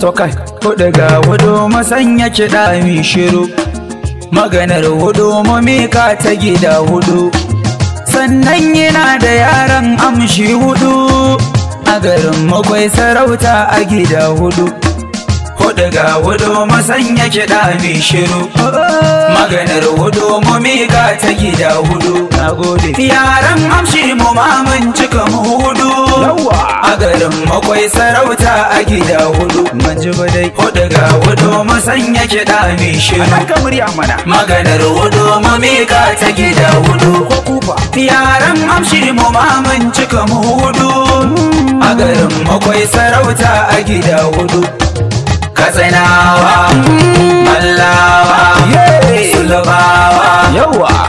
to kai kuɗi ga wudu masanya kiɗa mi shiru maganar hudu mamika ta gida hudu sannan yana da yaran amshi hudu a garin makwai sarauta a gida hudu wudu ga hudu masanya kiɗa mai shiru maganar hudu mu miƙa ta gida hudu yaran amshi mu mamun cika mu hudu a garin makwai sarauta a gida hudu wudu ga hudu masanya kiɗa mai shiru maganar hudu mu miƙa ta gida hudu yaran amshi mu mamun cika mu hudu mm. a garin makwai sarauta a gida hudu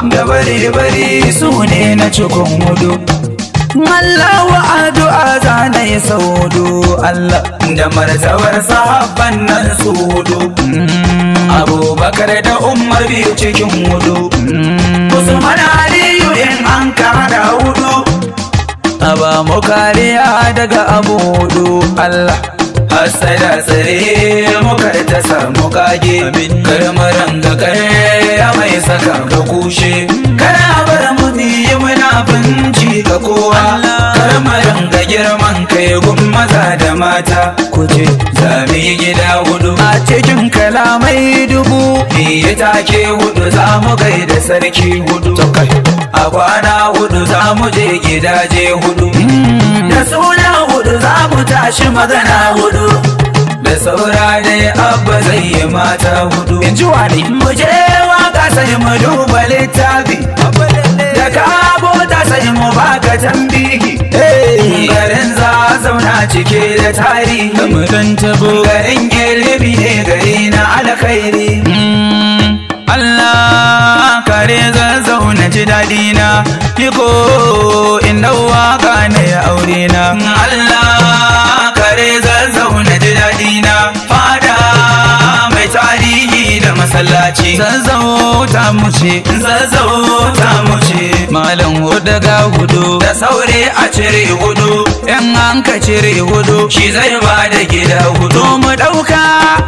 da bare-bare su ne na cikin hudu Allah za na yi saudu Allah da martabar sahabban nan su hudu mm. Abubakar da Umar biyu cikin hudu mm. Usman Aliyu in an kada hudu Aba mu kariya daga abu hudu Allah hasada tsare muka ta samu kage karmaran ga mai saka ga kushe kana bar muni yi muna binci ga kowa karmaran ga girman kai gun maza da mata kuje za mu yi gida kalamai dubu Biye take hudu za mu gaida sarki hudu A kwana hudu za mu je gidaje hudu mm. Da suna hudu za mu tashi magana hudu Da saura ne abba zai yi mata hudu In ji Mu je waka sai mu duba littafi Da ka sai mu baka tambihi garin za zauna cike da tarihi mutan tabo garin ilimi ne gari na alkhairi mm. Allah kare zan zauna ji daɗi na iko in dawa ne aure na Allah kare zan masallaci zazzau ta muce zazzau ta muce malam hudu ga hudu da saure a cire hudu yan an ka cire hudu shi zai ba da gida hudu mu dauka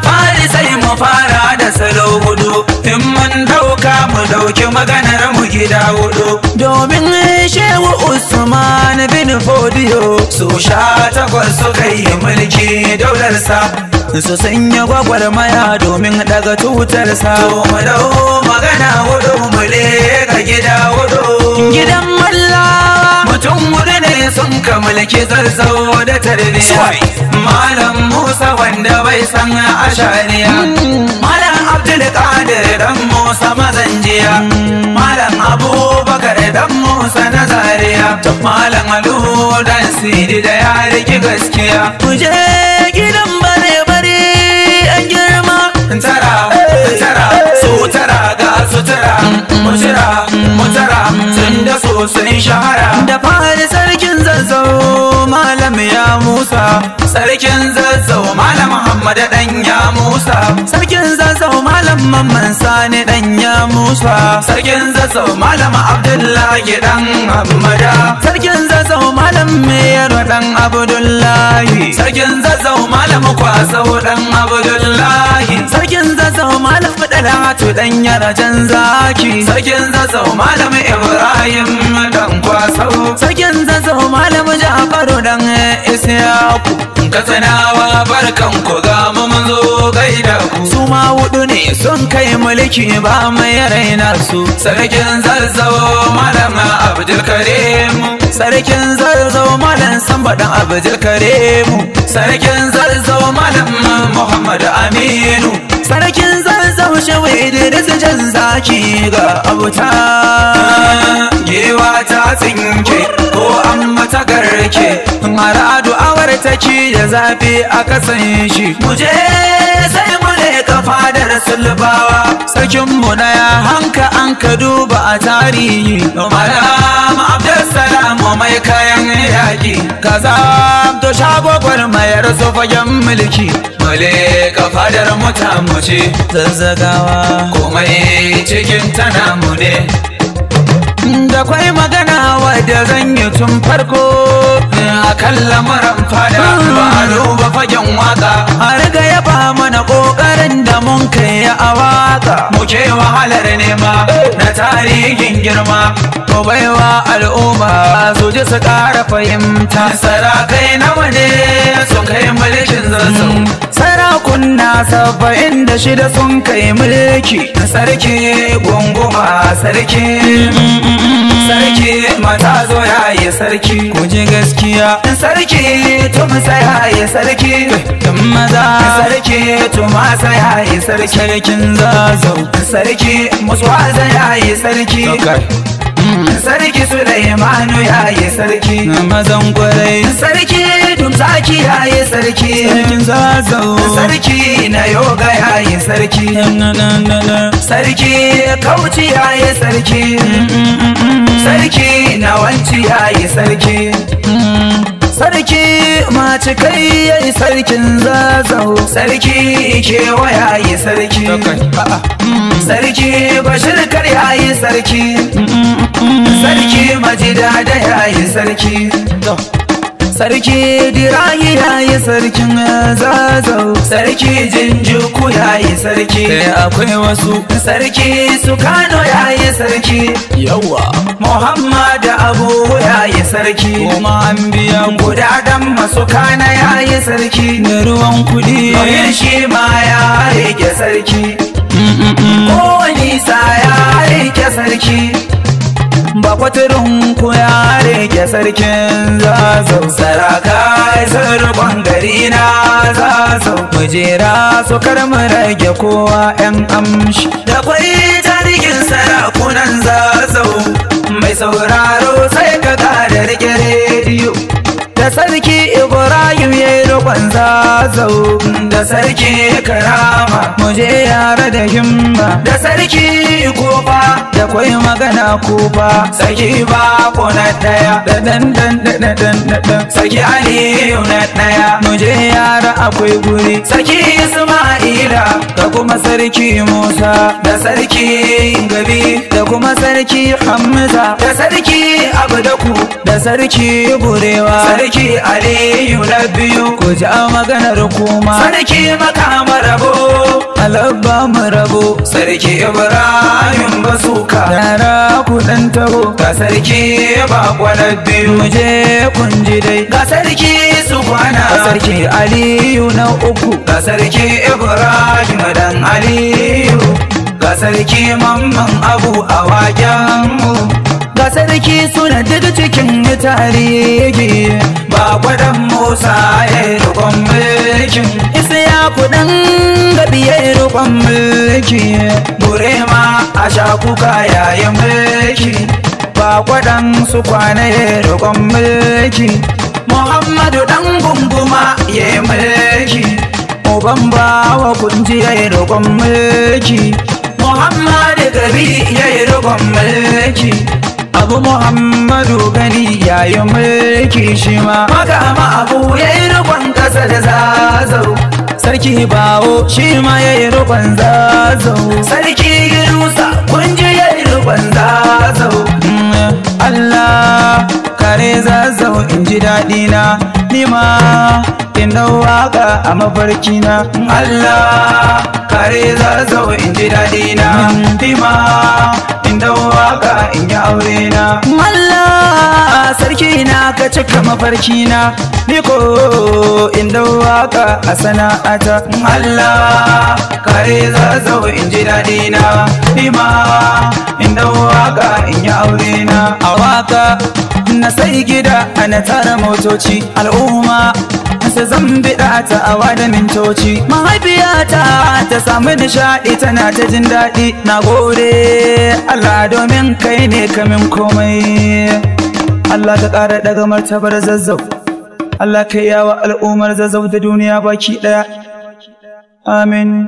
fari sai mu fara da salo hudu in mun dauka mu dauki maganar mu gida hudu Usman bin Fodiyo su sha takwas suka kai mulki daularsa su sanya gwagwarmaya domin daga tutarsa mu dau magana hudu mu ga gida hudu gidan malla mutum hudu ne sun mulki zarzau da tarbiyya malam musa wanda bai san ashariya mm. malam abdul qadir dan musa mazanjiya mm. malam abu dan musa na zaria malam alu dan sidi da ya riki gaskiya kuje gidan bare bare an girma tara tara su tara ga su tara mutara mutara tun da so sun shahara da fari sarkin zazzau malam ya musa sarkin zazzau malam Muhammad dan ya Musa sarkin zazzau malam mamman sani ɗan ya Musa sarkin zazzau malam Abdullahi dan Muhammada sarkin zazzau malam Mero ɗan Abdullahi sarkin zazzau malam Kwasau ɗan Abdullahi Talatu dan yana jan zaki Sarkin zazzau malam Ibrahim dan kwasau Sarkin zazzau malam Jafaru dan Isyaku Kasanawa barkan ku ga mu mun zo gaida ku Su ma hudu ne sun kai mulki ba mai raina su Sarkin zazzau malam Abdul Karim Sarkin zazzau malam Samba dan Abdul Karim Sarkin zazzau malam Muhammad Aminu Sarkin da idris jan zaki ga abuta gewa ta tsinke ko an mata garke mara du'awar take da zafi a kasan shi muje sai mu ne kafa sulbawa Sakin mu na ya hanka an ka duba a tarihi malam abdulsalam mai kayan yaki kaza to shagogwar mayar su fagen mulki mule ka fadar mota muce zazzagawa komai cikin tana mu ne da kwai magana wadda zan yi tun farko a kan lamarin fada ba a duba fagen waka har ga yaba mana kokarin da mun kai a waka ke wahalar nema na tarihin girma ko baiwa al'umma su ji su ƙara fahimta sarakai nawa ne su kai mulkin zazzau mm. sarakunna saba'in da shida sun kai mulki sarki gunguma sarki mm, mm, sarki mata zo ya sarki ku ji gaskiya sarki to mu saya ya sarki dan maza sarki to ma saya ya sarki sarkin zazo sarki musuwa saya ya sarki sarki Sulaimanu ya yi sarki mazan kwarai sarki dumsaki ya yi sarki sarkin zazzau sarki na yoga ya yi sarki sarki kauci ya yi sarki sarki na wanci ya yi sarki sarki mace ya yi sarkin zazzau sarki kewa ya yi sarki sarki bashir kar ya yi sarki mm, mm, mm. sarki majida da yayi sarki sarki dirahi yayi sarkin zazau sarki jinjuku yayi sarki eh, akwai wasu sarki su kano yayi sarki yawa muhammad abu yayi sarki kuma an biya kudaden masu kana yayi sarki na ruwan kudi yayin shi ma ya rike sarki mm, mm, mm. ko nisa ya rike sarki sakwatirin ku ya rike sarkin zazzau saraka sarkon gari na zazzau kujera su karmi rage kowa yan amshi da kwai tarihin sarakunan zazzau mai sauraro sai ka da rike rediyo da sarki roƙon zazau da sarki karama mu je yare da himma da sarki kofa da kwai magana kofa saki ba ko na daya da dan dan dan dan dan saki aliyu na daya mu je yare akwai guri saki isma'ila da kuma sarki musa da sarki gabi da kuma sarki hamza da sarki abdaku da sarki gurewa sarki aliyu na biyu ku ji a maganar kuma sarki maka marabo alabba marabo sarki ibrahim basuka yara ku dan taho ga sarki ba kwanar biyu mu je kun ji dai ga sarki su kwana ga sarki aliyu na uku ga sarki ibrahim dan aliyu ga sarki mamman abu a wajen mu ga sarki suna duk cikin tarihi ba kwadan musa ya rukon mulkin isa ya kudan gabi ya rukon mulki burema a sha kuka yayin mulki ba kwadan su kwana ya rukon mulki muhammadu dan gunguma ya mulki uban bawa kunji ya rukon mulki muhammadu gabi ya rukon mulki abu muhammadu gani yayin mulki shi ma Maka ma abu ya yi rikon kasa da zazau sarki bawo shi ma ya yi rikon zazau sarki girusa kunji ya yi rikon zazau mm, Allah kare zazau in ji daɗina fatima ina waka a na. Allah kare za zo in ji daɗi na fatima ina waka in yi aure na Allah sarki na ka cika mafarki na. Niko ina waka a sana'ata Allah kare za zo in ji daɗi na fatima ina waka in yi aure na a waka na sai gida ana tara motoci al'umma al'umma Masa zan bida ta awa da mintoci mahaifiyata ta samu nishaɗi tana ta jin daɗi na gode Allah domin kai ne kamin komai Allah ka ƙara daga martabar zazzau Allah kai yawa al'ummar zazzau da duniya baki ɗaya amin